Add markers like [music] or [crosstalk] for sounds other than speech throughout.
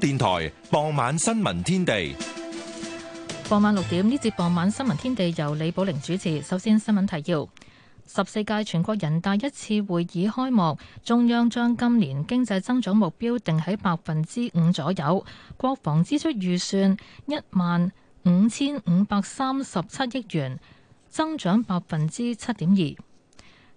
電台傍晚新聞天地，傍晚六點呢節傍晚新聞天地由李寶玲主持。首先，新聞提要：十四屆全國人大一次會議開幕，中央將今年經濟增長目標定喺百分之五左右，國防支出預算一萬五千五百三十七億元，增長百分之七點二。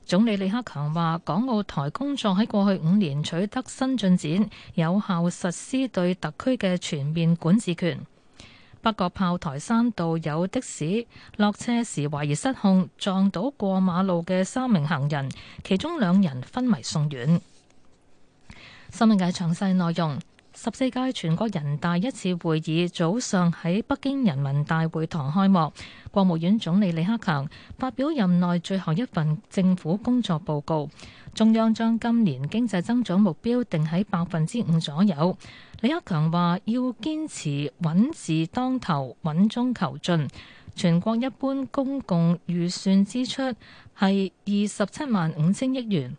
總理李克強話：港澳台工作喺過去五年取得新進展，有效實施對特區嘅全面管治權。北角炮台山道有的士落車時懷疑失控，撞到過馬路嘅三名行人，其中兩人昏迷送院。新聞界詳細內容。十四屆全國人大一次會議早上喺北京人民大會堂開幕，國務院總理李克強發表任內最後一份政府工作報告。中央將今年經濟增長目標定喺百分之五左右。李克強話：要堅持穩字當頭、穩中求進。全國一般公共預算支出係二十七萬五千億元，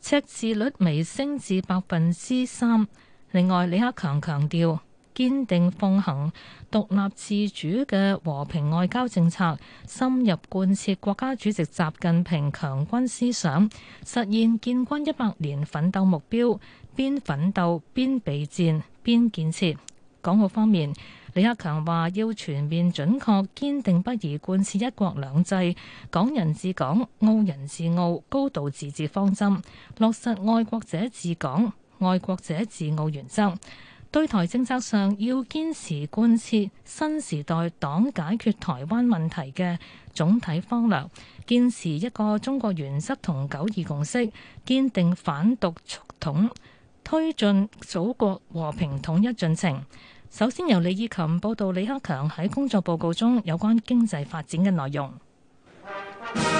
赤字率微升至百分之三。另外，李克強強調，堅定奉行獨立自主嘅和平外交政策，深入貫徹國家主席習近平強軍思想，實現建軍一百年奮鬥目標，邊奮鬥、邊備戰、邊建設。港澳方面，李克強話要全面準確、堅定不移貫徹一國兩制、港人治港、澳人治澳、高度自治方針，落實愛國者治港、愛國者治澳原則，對台政策上要堅持貫徹新時代黨解決台灣問題嘅總體方略，堅持一個中國原則同九二共識，堅定反獨促統，統，推進祖國和平統一進程。首先由李以琴報道李克強喺工作報告中有關經濟發展嘅內容。 [noise]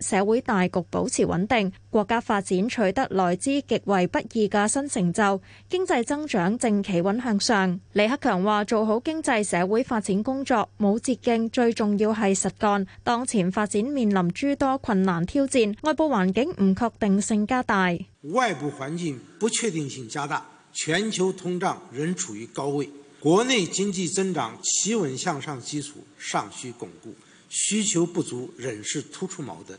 社會大局保持穩定，國家發展取得來之極為不易嘅新成就，經濟增長正企穩向上。李克強話：做好經濟社會發展工作，冇捷徑，最重要係實幹。當前發展面臨諸多困難挑戰，外部環境唔確定性加大。外部環境不確定性加大，全球通脹仍處於高位，國內經濟增長企穩向上基礎尚需鞏固，需求不足仍是突出矛盾。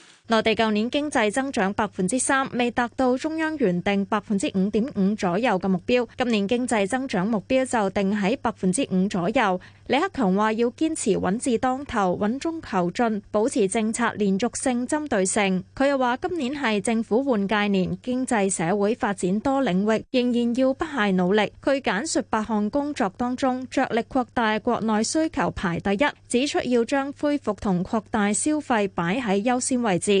內地舊年經濟增長百分之三，未達到中央原定百分之五點五左右嘅目標。今年經濟增長目標就定喺百分之五左右。李克強話要堅持穩字當頭，穩中求進，保持政策連續性、針對性。佢又話今年係政府換屆年，經濟社會發展多領域仍然要不懈努力。佢簡述八項工作當中，着力擴大國內需求排第一，指出要將恢復同擴大消費擺喺優先位置。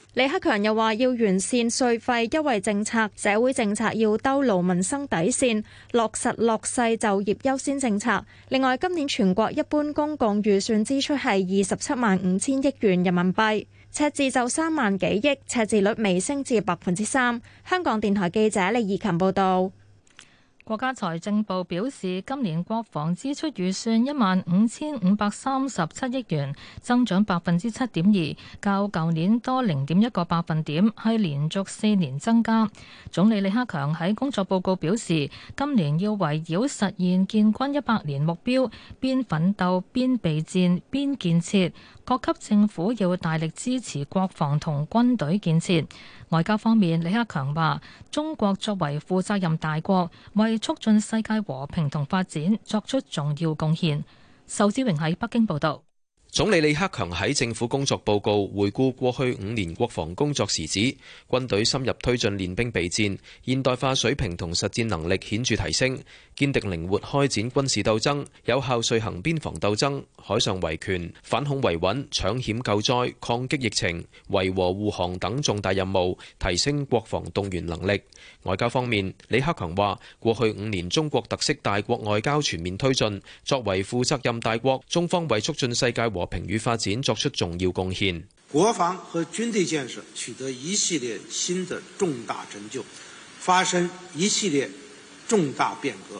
李克強又話要完善稅費優惠政策，社會政策要兜牢民生底線，落實落細就業優先政策。另外，今年全國一般公共預算支出係二十七萬五千億元人民幣，赤字就三萬幾億，赤字率微升至百分之三。香港電台記者李怡琴報道。國家財政部表示，今年國防支出預算一萬五千五百三十七億元，增長百分之七點二，較舊年多零點一個百分點，係連續四年增加。總理李克強喺工作報告表示，今年要圍繞實現建軍一百年目標，邊奮鬥、邊備戰、邊建設。各級政府要大力支持國防同軍隊建設。外交方面，李克強話：中國作為負責任大國，為促進世界和平同發展作出重要貢獻。仇志榮喺北京報道。總理李克強喺政府工作報告回顧過去五年國防工作時指，軍隊深入推進練兵備戰，現代化水平同實戰能力顯著提升。堅定靈活開展軍事鬥爭，有效遂行邊防鬥爭，海上維權，反恐維穩，搶險救災，抗擊疫情、維和護航等重大任務，提升國防動員能力。外交方面，李克強話，過去五年，中國特色大國外交全面推進，作為負責任大國，中方為促進世界和平與發展作出重要貢獻。國防和軍隊建設取得一系列新的重大成就，發生一系列重大變革。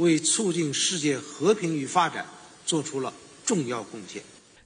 為促進世界和平與發展作出了重要貢獻。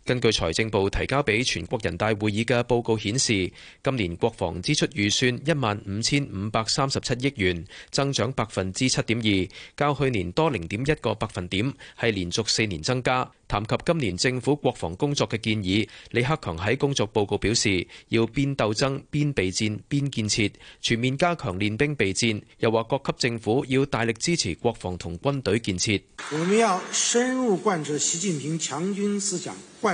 根據財政部提交俾全國人大會議嘅報告顯示，今年國防支出預算一萬五千五百三十七億元，增長百分之七點二，較去年多零點一個百分點，係連續四年增加。談及今年政府國防工作嘅建議，李克強喺工作報告表示，要邊鬥爭、邊備戰、邊建設，全面加強練兵備戰。又話各級政府要大力支持國防同軍隊建設。我們要深入貫徹習近平強軍思想。貫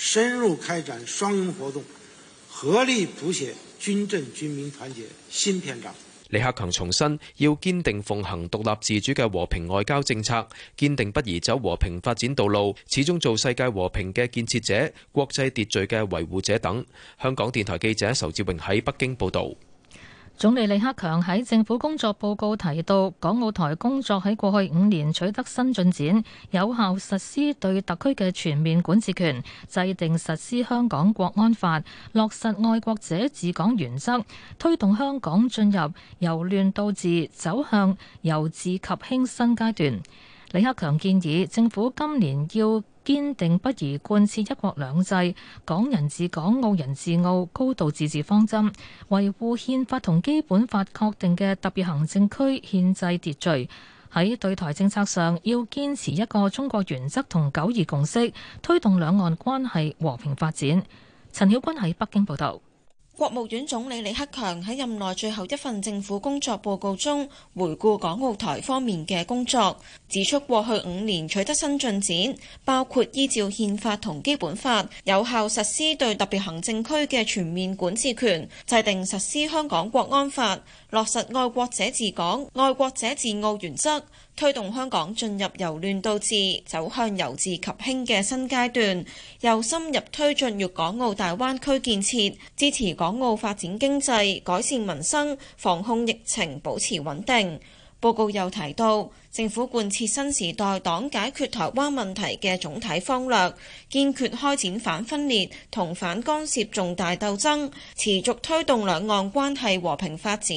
深入開展雙擁活動，合力譜寫軍政軍民團結新篇章。李克強重申，要堅定奉行獨立自主嘅和平外交政策，堅定不移走和平發展道路，始終做世界和平嘅建設者、國際秩序嘅維護者等。香港電台記者仇志榮喺北京報道。總理李克強喺政府工作報告提到，港澳台工作喺過去五年取得新進展，有效實施對特區嘅全面管治權，制定實施香港國安法，落實愛國者治港原則，推動香港進入由亂到治走向由治及興新階段。李克強建議政府今年要堅定不移貫徹一國兩制、港人治港、澳人治澳、高度自治方針，維護憲法同基本法確定嘅特別行政區憲制秩序。喺對台政策上，要堅持一個中國原則同九二共識，推動兩岸關係和平發展。陳曉君喺北京報道。國務院總理李克強喺任內最後一份政府工作報告中回顧港澳台方面嘅工作，指出過去五年取得新進展，包括依照憲法同基本法有效實施對特別行政區嘅全面管治權，制定實施香港國安法。落實愛國者治港、愛國者治澳原則，推動香港進入由亂到治、走向由治及興嘅新階段，又深入推進粵港澳大灣區建設，支持港澳發展經濟、改善民生、防控疫情、保持穩定。報告又提到，政府貫徹新時代黨解決台灣問題嘅總體方略，堅決開展反分裂同反干涉重大鬥爭，持續推動兩岸關係和平發展。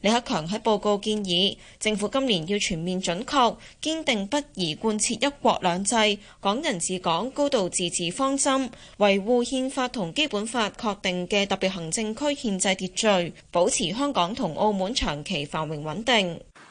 李克強喺報告建議，政府今年要全面準確、堅定不移貫徹一國兩制、港人治港、高度自治方針，維護憲法同基本法確定嘅特別行政區憲制秩序，保持香港同澳門長期繁榮穩定。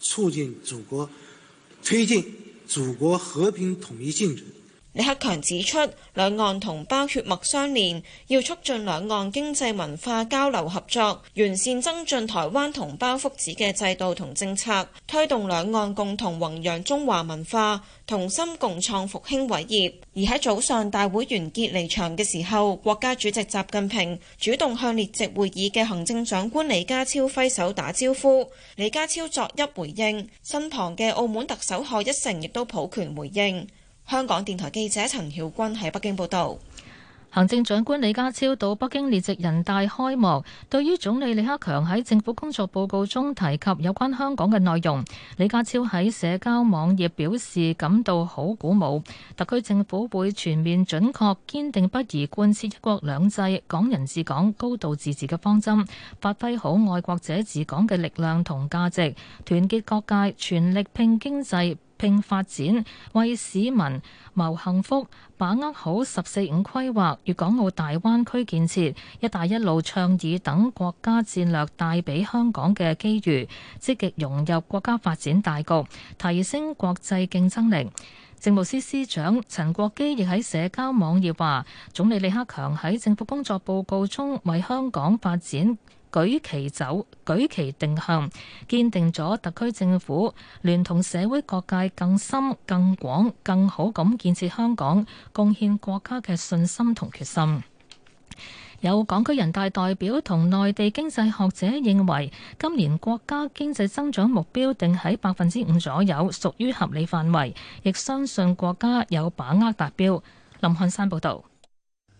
促進祖國，推進祖國和平統一進程。李克強指出，兩岸同胞血脈相連，要促進兩岸經濟文化交流合作，完善增進台灣同胞福祉嘅制度同政策，推動兩岸共同弘揚中華文化，同心共創復興偉業。而喺早上大會完結離場嘅時候，國家主席習近平主動向列席會議嘅行政長官李家超揮手打招呼。李家超作揖回應，身旁嘅澳門特首賀一誠亦都抱拳回應。香港電台記者陳曉君喺北京報道。行政長官李家超到北京列席人大開幕。對於總理李克強喺政府工作報告中提及有關香港嘅內容，李家超喺社交網頁表示感到好鼓舞。特區政府會全面準確、堅定不移貫徹一國兩制、港人治港、高度自治嘅方針，發揮好愛國者治港嘅力量同價值，團結各界，全力拼經濟。並發展為市民謀幸福，把握好十四五規劃、粵港澳大灣區建設、一帶一路倡議等國家戰略帶俾香港嘅機遇，積極融入國家發展大局，提升國際競爭力。政務司司長陳國基亦喺社交網頁話：總理李克強喺政府工作報告中為香港發展。舉旗走，舉旗定向，堅定咗特區政府聯同社會各界更深、更廣、更好咁建設香港、貢獻國家嘅信心同決心。有港區人大代表同內地經濟學者認為，今年國家經濟增長目標定喺百分之五左右，屬於合理範圍，亦相信國家有把握達標。林漢山報導。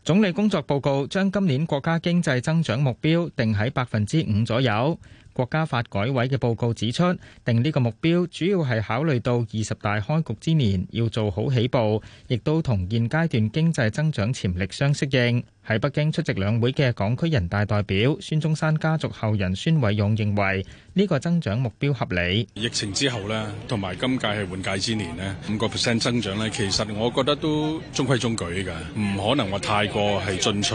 總理工作報告將今年國家經濟增長目標定喺百分之五左右。國家發改委嘅報告指出，定呢個目標主要係考慮到二十大開局之年要做好起步，亦都同現階段經濟增長潛力相適應。喺北京出席兩會嘅港區人大代表孫中山家族後人孫偉勇認為，呢個增長目標合理。疫情之後咧，同埋今屆係換屆之年咧，五個 percent 增長咧，其實我覺得都中規中矩噶，唔可能話太過係進取。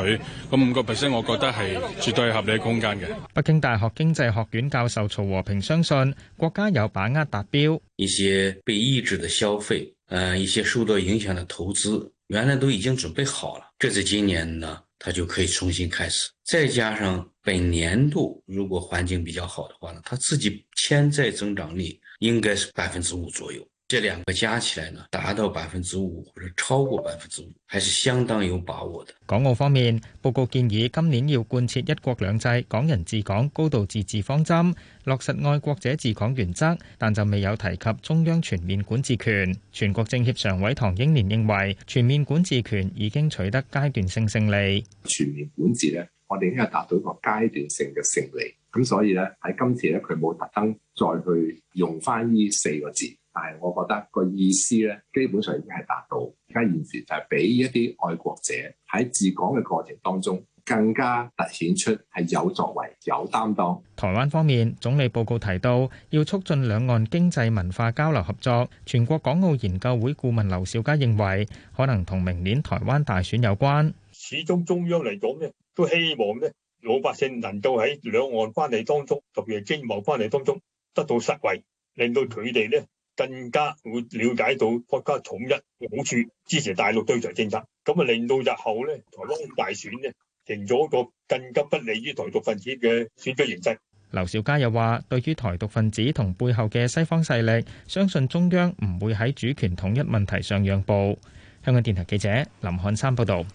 咁五個 percent，我覺得係絕對係合理空間嘅。北京大學經濟學阮教授曹和平相信國家有把握達標，一些被抑制的消費，誒，一些受到影響的投資，原來都已經準備好了，這次今年呢，它就可以重新開始，再加上本年度如果環境比較好的話呢，它自己潛在增長率應該是百分之五左右。這兩個加起來呢，達到百分之五或者超過百分之五，還是相當有把握的。港澳方面報告建議，今年要貫徹一國兩制、港人治港、高度自治方針，落實愛國者治港原則，但就未有提及中央全面管治權。全國政協常委唐英年認為，全面管治權已經取得階段性勝利。全面管治呢，我哋已經係達到一個階段性嘅勝利，咁所以呢，喺今次呢，佢冇特登再去用返呢四個字。但係我覺得個意思咧，基本上已經係達到。而家現時就係俾一啲愛國者喺治港嘅過程當中，更加凸顯出係有作為有擔當。台灣方面總理報告提到，要促進兩岸經濟文化交流合作。全國港澳研究會顧問劉兆佳認為可能同明年台灣大選有關，始終中央嚟講咧，都希望咧，老百姓能夠喺兩岸關係當中，特別係經貿關係當中得到實惠，令到佢哋咧。更加會了解到國家統一嘅好處，支持大陸對台政策，咁啊令到日後呢台灣大選呢，形成一個更加不利於台獨分子嘅選舉形勢。劉兆佳又話，對於台獨分子同背後嘅西方勢力，相信中央唔會喺主權統一問題上讓步。香港電台記者林漢山報道。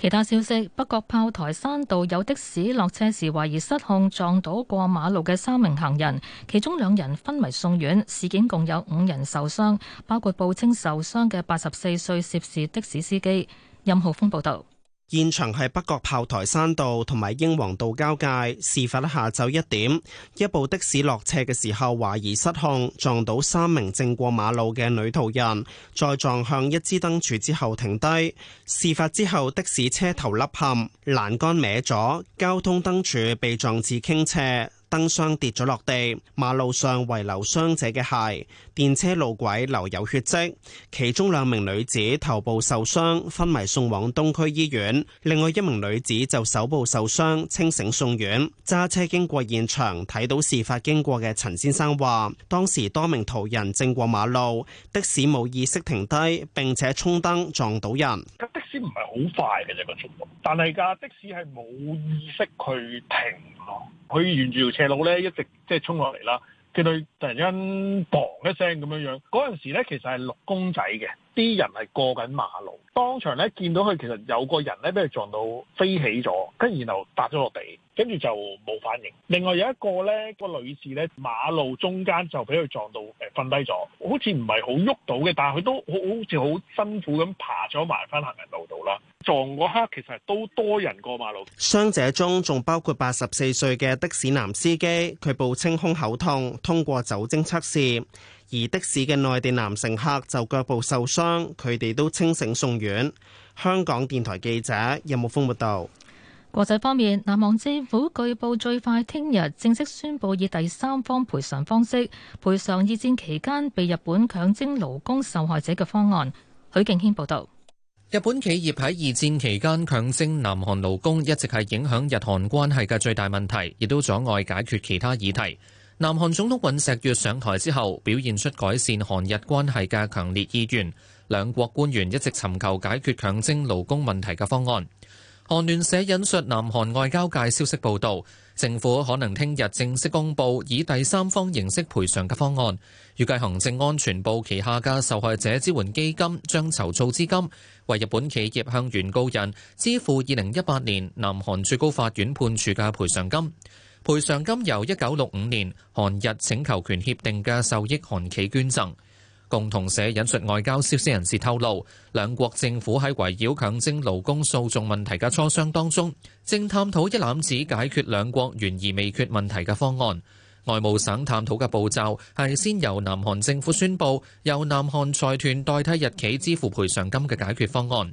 其他消息：北角炮台山道有的士落車時懷疑失控，撞到過馬路嘅三名行人，其中兩人昏迷送院，事件共有五人受傷，包括報稱受傷嘅八十四歲涉事的士司機。任浩峰報道。現場係北角炮台山道同埋英皇道交界，事發下晝一點，一部的士落斜嘅時候懷疑失控，撞到三名正過馬路嘅女途人，再撞向一支燈柱之後停低。事發之後，的士車頭凹陷，欄杆歪咗，交通燈柱被撞至傾斜。燈箱跌咗落地，馬路上遺留傷者嘅鞋，電車路軌留有血跡，其中兩名女子頭部受傷，昏迷送往東區醫院；另外一名女子就手部受傷，清醒送院。揸車經過現場，睇到事發經過嘅陳先生話，當時多名途人正過馬路，的士冇意識停低，並且衝燈撞到人。的士唔係好快嘅啫個速度，但係架的士係冇意識去停咯，佢沿住。斜路咧一直即係衝落嚟啦，見到突然間嘣一聲咁樣樣，嗰陣時咧其實係綠公仔嘅，啲人係過緊馬路，當場咧見到佢其實有個人咧俾佢撞到飛起咗，跟然後搭咗落地，跟住就冇反應。另外有一個咧個女士咧馬路中間就俾佢撞到誒瞓低咗，好似唔係好喐到嘅，但係佢都好好似好辛苦咁爬咗埋翻行人路度啦。撞嗰刻其實都多人過馬路，傷者中仲包括八十四歲嘅的，的士男司機，佢報稱胸口痛，通過酒精測試；而士的士嘅內地男乘客就腳部受傷，佢哋都清醒送院。香港電台記者任木豐報道。有有國際方面，南韓政府據報最快聽日正式宣布以第三方賠償方式賠償二戰期間被日本強徵勞工受害者嘅方案。許敬軒報道。日本企業喺二戰期間強徵南韓勞工，一直係影響日韓關係嘅最大問題，亦都阻礙解決其他議題。南韓總統尹錫悅上台之後，表現出改善韓日關係嘅強烈意願，兩國官員一直尋求解決強徵勞工問題嘅方案。韓聯社引述南韓外交界消息報道，政府可能聽日正式公布以第三方形式賠償嘅方案。預計行政安全部旗下嘅受害者支援基金將籌措資金，為日本企業向原告人支付二零一八年南韓最高法院判處嘅賠償金。賠償金由一九六五年韓日請求權協定嘅受益韓企捐贈。共同社引述外交消息人士透露，兩國政府喺圍繞強徵勞工訴訟問題嘅磋商當中，正探討一攬子解決兩國懸而未決問題嘅方案。外務省探討嘅步驟係先由南韓政府宣布，由南韓財團代替日企支付賠償金嘅解決方案。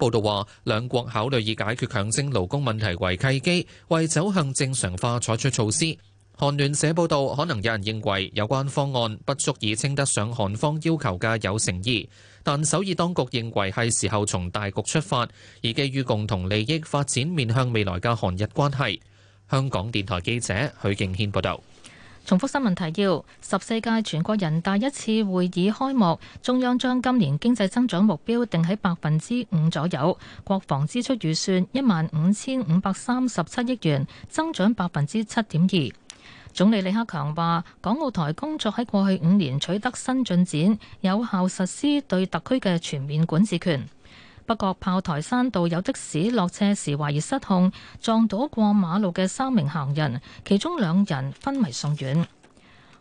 報道話，兩國考慮以解決強徵勞工問題為契機，為走向正常化採取措施。韓聯社報導，可能有人認為有關方案不足以稱得上韓方要求嘅有誠意，但首爾當局認為係時候從大局出發，而基於共同利益發展面向未來嘅韓日關係。香港電台記者許敬軒報導。重複新聞提要：十四屆全國人大一次會議開幕，中央將今年經濟增長目標定喺百分之五左右。國防支出預算一萬五千五百三十七億元，增長百分之七點二。總理李克強話，港澳台工作喺過去五年取得新進展，有效實施對特區嘅全面管治權。北角炮台山道有的士落車時懷疑失控，撞到過馬路嘅三名行人，其中兩人昏迷送院。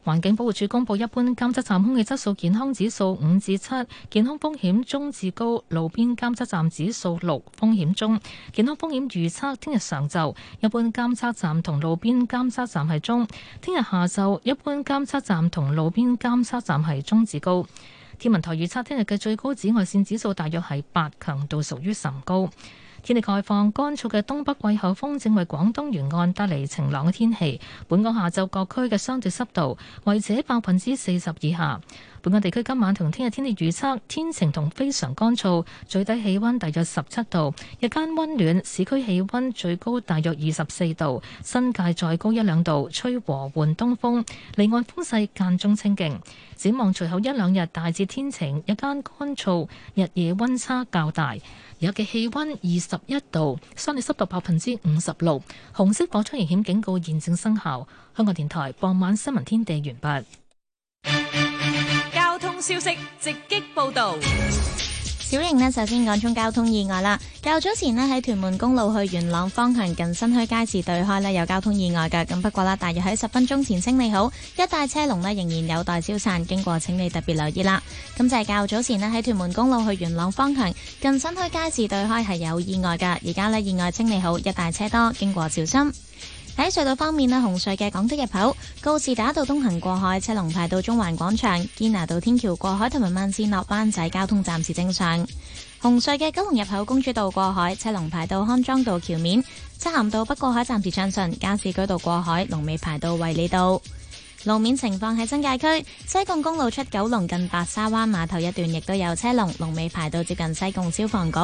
環境保護署公布，一般監測站空氣質素健康指數五至七，健康風險中至高；路邊監測站指數六，風險中。健康風險預測：聽日上晝，一般監測站同路邊監測站係中；聽日下晝，一般監測站同路邊監測站係中，中至高。天文台預測聽日嘅最高紫外線指數大約係八，強度屬於甚高。天氣概況，乾燥嘅東北季候風正為廣東沿岸帶嚟晴朗嘅天氣。本港下晝各區嘅相對濕度維持喺百分之四十以下。本港地區今晚同聽日天氣預測，天晴同非常乾燥，最低氣温大約十七度，日間温暖，市區氣温最高大約二十四度，新界再高一兩度，吹和緩東風，離岸風勢間中清勁。展望隨後一兩日大致天晴，日間乾燥，日夜温差較大，而家嘅氣温二十一度，相對濕度百分之五十六，紅色火災危險警告現正生效。香港電台傍晚新聞天地完畢。消息直擊報道，小型呢，首先講宗交通意外啦。較早前呢，喺屯門公路去元朗方向近新墟街市對開呢，有交通意外噶，咁不過咧大約喺十分鐘前清理好，一帶車龍呢仍然有待消散。經過，請你特別留意啦。咁就係較早前呢，喺屯門公路去元朗方向近新墟街市對開係有意外噶，而家呢，意外清理好，一帶車多，經過小心。喺隧道方面咧，紅隧嘅港德入口、告士打道東行，過海，車龍排到中環廣場、堅拿道天橋過海同埋萬仙落灣仔交通暫時正常。紅隧嘅九龍入口公主道過海，車龍排到康莊道橋面、漆咸道北過海暫時暢順。加士居道過海龍尾排到衛理道。路面情況喺新界區西貢公路出九龍近白沙灣碼頭一段亦都有車龍，龍尾排到接近西貢消防局。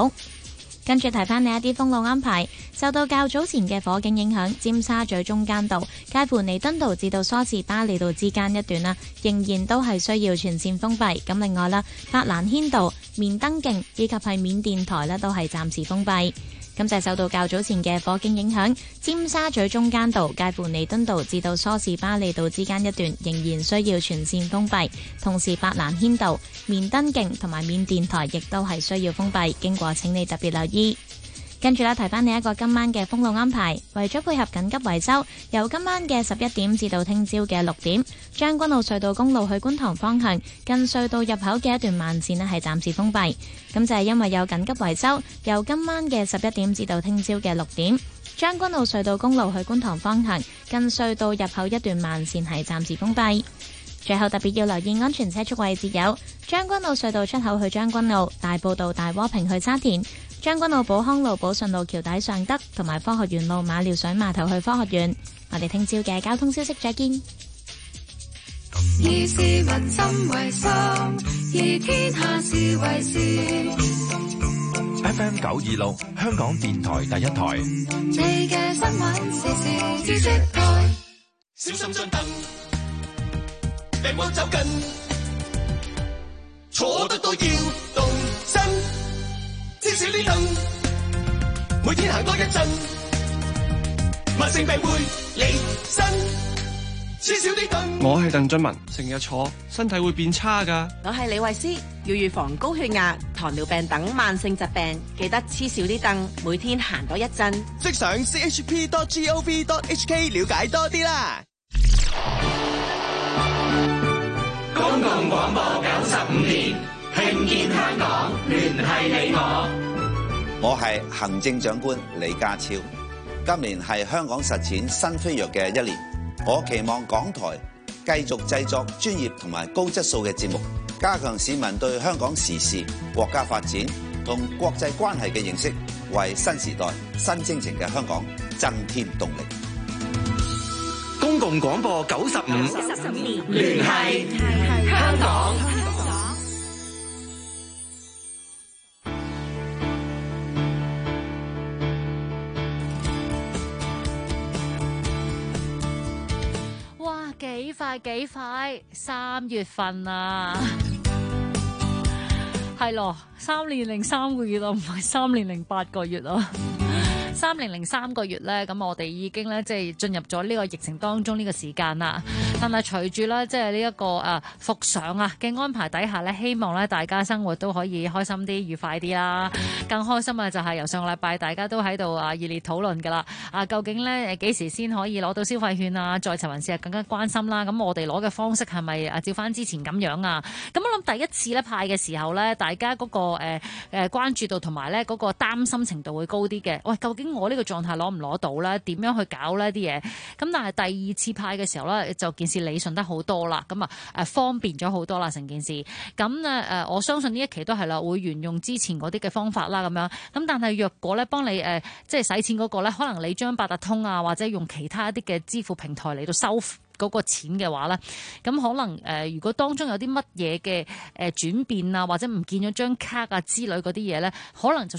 跟住提翻你一啲封路安排，受到較早前嘅火警影響，尖沙咀中間道、介乎彌敦道至到梳士巴利道之間一段啦，仍然都係需要全線封閉。咁另外啦，白蘭軒道、棉登徑以及係緬甸台咧都係暫時封閉。今就受到較早前嘅火警影響，尖沙咀中間道介乎彌敦道至到梳士巴利道之間一段，仍然需要全線封閉，同時白蘭軒道、綿登徑同埋綿電台亦都係需要封閉，經過請你特別留意。跟住啦，提翻你一個今晚嘅封路安排。為咗配合緊急維修，由今晚嘅十一點至到聽朝嘅六點，將軍澳隧道公路去觀塘方向，近隧道入口嘅一段慢線呢，係暫時封閉。咁就係因為有緊急維修，由今晚嘅十一點至到聽朝嘅六點，將軍澳隧道公路去觀塘方向，近隧道入口一段慢線係暫時封閉。最後特別要留意安全車速位置，有將軍澳隧道出口去將軍澳、大埔道、大窩坪去沙田。將軍澳、寶康路、寶順路、橋底、尚德同埋科學園路，馬料水碼頭去科學園。我哋聽朝嘅交通消息再見。以市民心為心，以天下事為事。F M 九二六，香港電台第一台。你嘅新聞時事知識台，小心上當，別莫走近，坐得多要動身。黐少啲凳，每天行多一陣，慢性病會離身。黐少啲凳。我係鄧俊文，成日坐，身體會變差噶。我係李慧思，要預防高血壓、糖尿病等慢性疾病，記得黐少啲凳，每天行多一陣。即上 chp.gov.hk 了解多啲啦。公共廣播九十五年。聽見香港，聯繫你我。我係行政長官李家超。今年係香港實踐新飛躍嘅一年，我期望港台繼續製作專業同埋高質素嘅節目，加強市民對香港時事、國家發展同國際關係嘅認識，為新時代新征程嘅香港增添動力。公共廣播九十五年，聯繫年繫香港。香港幾快？三月份啊，係 [laughs] 咯，三年零三個月咯、啊，唔係三年零八個月咯、啊。三年零三個月咧，咁我哋已經咧，即、就、係、是、進入咗呢個疫情當中呢個時間啦。但係隨住咧，即係呢一個誒復常啊嘅安排底下呢，希望呢大家生活都可以開心啲、愉快啲啦。更開心啊，就係由上個禮拜大家都喺度啊熱烈討論㗎啦。啊，究竟呢，幾時先可以攞到消費券啊？在場人士更加關心啦。咁我哋攞嘅方式係咪啊照翻之前咁樣啊？咁我諗第一次咧派嘅時候呢，大家嗰個誒誒關注度同埋呢嗰個擔心程度會高啲嘅。喂，究竟我呢個狀態攞唔攞到呢？點樣去搞呢啲嘢？咁但係第二次派嘅時候呢，就見，理順得好多啦，咁啊，誒方便咗好多啦成件事，咁咧誒，我相信呢一期都係啦，會沿用之前嗰啲嘅方法啦，咁樣，咁但係若果咧幫你誒、呃，即係使錢嗰、那個咧，可能你將八達通啊，或者用其他一啲嘅支付平台嚟到收嗰個錢嘅話咧，咁可能誒、呃，如果當中有啲乜嘢嘅誒轉變啊，或者唔見咗張卡啊之類嗰啲嘢咧，可能就。